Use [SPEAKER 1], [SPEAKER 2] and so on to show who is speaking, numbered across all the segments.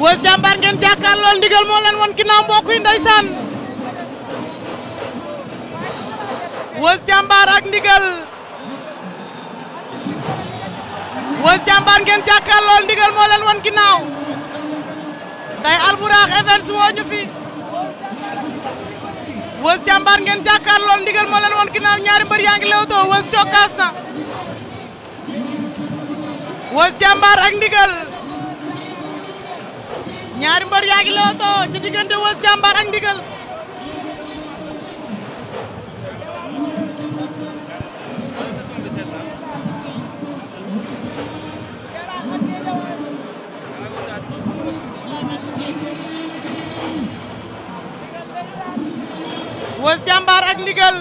[SPEAKER 1] Weuz jàmbaar ngeen jàkkaar lool ndigal moo leen won ginnaaw mbokk yi ndeysaan Weuz jàmbaar ak ndigal Weuz jàmbaar ngeen jàkkaar lool ndigal moo leen won ginnaaw tey Albourakh Events woo ñu fi Weuz jàmbaar ngeen jàkkaar lool ndigal moo leen won ginnaaw ñaari mbër yaa ngi lewtoo Weuz cokkaas na Weuz jàmbaar ak ndigal ñaari mbër yaa ngi lewtoo ci diggante Weuz Jambar ak Ndigal Weuz Jambar ak Ndigal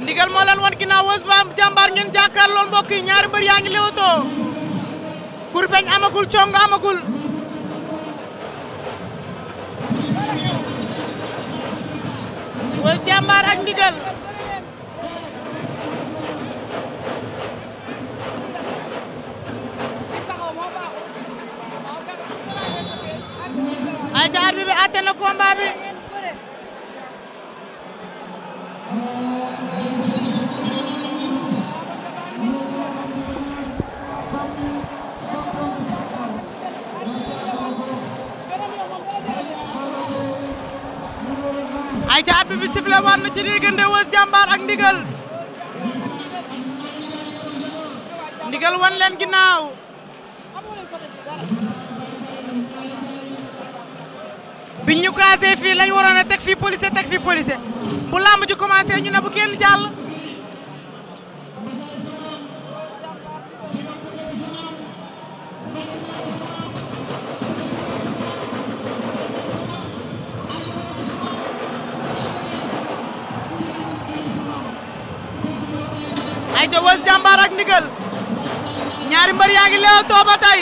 [SPEAKER 1] Ndigal moo leen wan Jambar ngeen jàkkaarloo mbokk yi ñaari mbër yaa ngi lewtoo kurbeñ amagul cong amagul Weuz Diambar ak Ndigal ayca arbitre bi àtte na combat bi ay ca at bi sifle war na ci diggante Weuz Diambar ak ndigal ndigal wan leen ginnaaw biñ ñu kaasee fii lañ waroon a teg fii policier teg fii policier bu làmb ji commencé ñu ne bu kenn jàll diggante Weuz ak Ndigal ñaari mbër yaa ngi leew tooba tey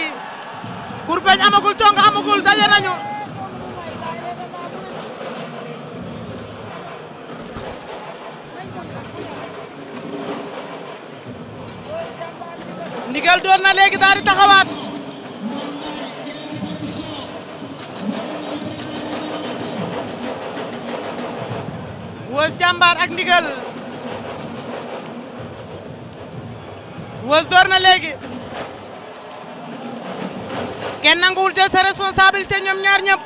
[SPEAKER 1] kurpeñ amagul tong amagul daje nañu ndigal door na léegi daal taxawaat Weuz Diambar ak ndigal Weuz door na léegi kenn nanguwul jël sa responsabilité ñoom ñaar ñëpp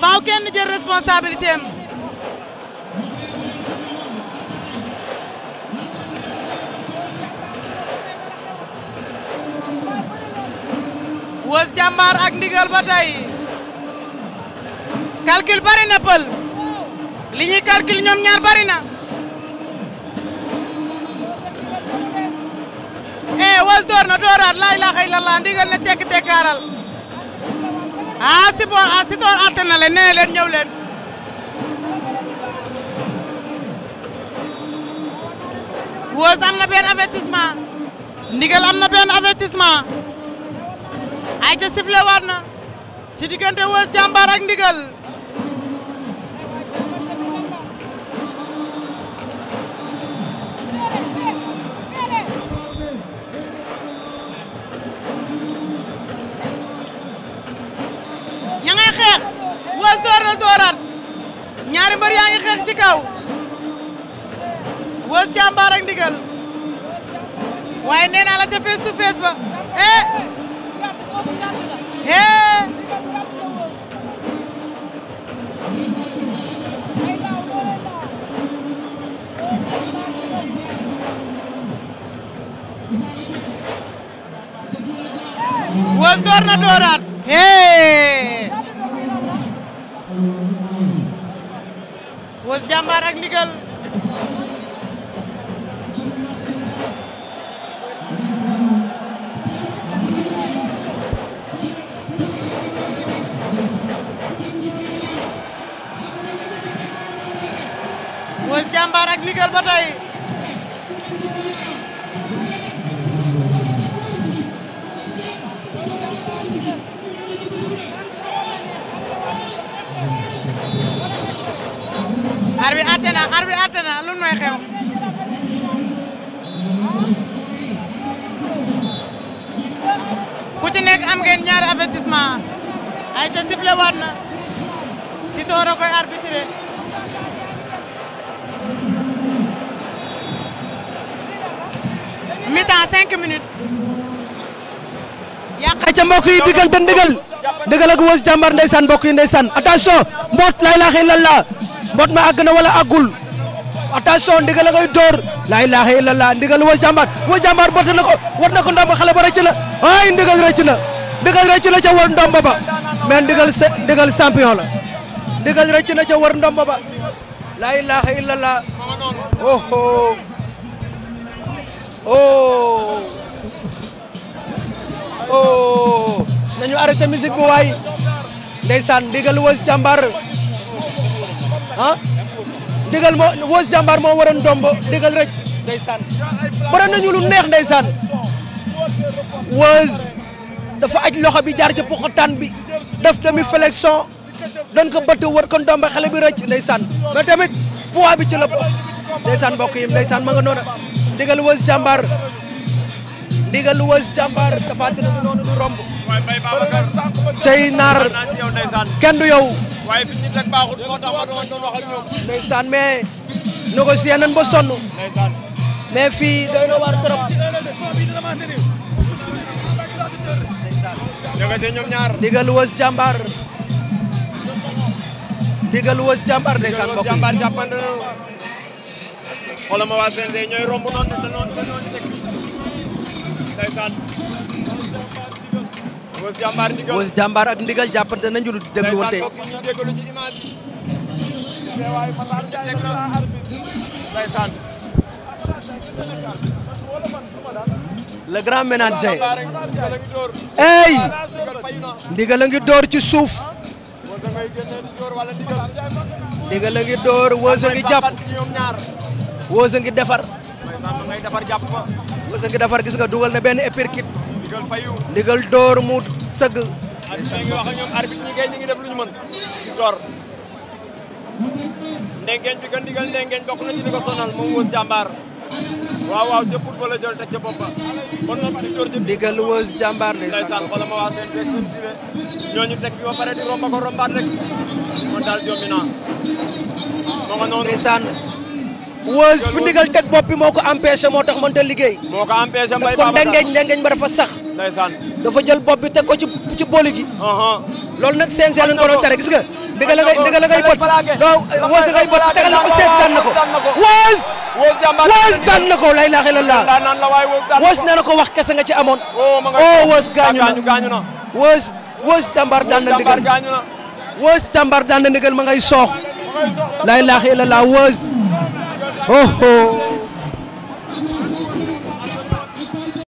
[SPEAKER 1] faaw kenn jël responsabilité am Weuz ak ndigal ba tey calcul bari pël li ñuy calcul ñaar bari eh was door na dooraat laa ilaaha illallah ndigal ne tekki tekkaaral ah si boor ah si toor atte na nee leen ñëw leen was am na benn avertissement ndigal am na benn avertissement ay ca sifflé waat na ci diggante was jàmbaar ak ndigal xaar ak ndigal waaye nee naa la ca face to face ba eh eh Weuz door na dooraat hey eh! Weuz jàmbaar ak ndigal Weuz jàmbaar ak Niguel ba arbi atte arbi atte lu may xew ku ci nekk am ngeen ñaari avertissement ay ca sifflé waat na Siteu da koy arbitré cinq minutes. ca mbokk yi digal benn digal digal ak wës jàmbar ndeysaan mbokk
[SPEAKER 2] yi ndeysaan attention mboot laa ilaaha la mboot ma àgg na wala àggul attention ndigal la ngay door laa ilaaha illallah ndigal wës jàmbar wës jàmbar botte na ko war na ko ndomba xale ba rëcc na ay ndigal rëcc na ndigal rëcc na ca war ndomba ba mais ndigal ndigal la ndigal rëcc ca war ndomba ba laa ilaaha illallah oh oh. oh oh nañu arrêté musique bu waay ndeysaan ndigal Weuz Diambar ah ndigal moo Weuz Diambar moo waroon dombo ndigal rek ndeysaan bare nañu lu neex ndeysaan Weuz dafa aj loxo bi jaar ci poxotaan bi def demi flexion doon ko bëtt wër kon dombo xale bi rëcc ndeysaan mais tamit poids bi ci la bokk ndeysaan mbokk yi ndeysaan ma nga noona ndigal wës jàmbaar ndigal wës jàmbaar noonu du romb sey naar kenn du yow waaye fi ñu teg ba sonn mais fii doy na waar trop ndigal wës jàmbaar ndigal wës jàmbaar xoolal ma waa CNG ñooy ndigal Weuz Jàmbaar ak ndigal lu wante ci image yi la grand ménager ey ndigal a ngi door ci suuf ndigal a ngi door Weuz a ngi jàpp Weuze ngi defar. ngay defar jàpp ma. Weuze ngi defar gis nga dugal na benn uppercut. ndigal fayu ndigal door mu sëgg. incha allah wax ak ñoom arbitre ñi kay door. ndengeñ bi gën digal ndengeñ na ci di ko ma waa seen rek seen siré ñooñu teg fi ba Weuz fu ndigal teg bopp bi moo ko empêché moo tax mënta liggéey. moo ko empêché dafa sax. ndeysaan dafa jël bopp bi teg ko ci ci booli gi. loolu nag CNG lañ ko doon tere gis nga. ndigal la ngay ndigal la ngay bot doo Weuz ngay na ko sees daan na ko. Weuz. Weuz daan na ko lay laaxee la laa. Weuz nee na ko wax kese nga ci amoon. o Weuz gaañu na Weuz Weuz daan na ndigal Weuz jàmbaar daan na ndigal ma ngay soox. lay laaxee la laa Weuz. oh oh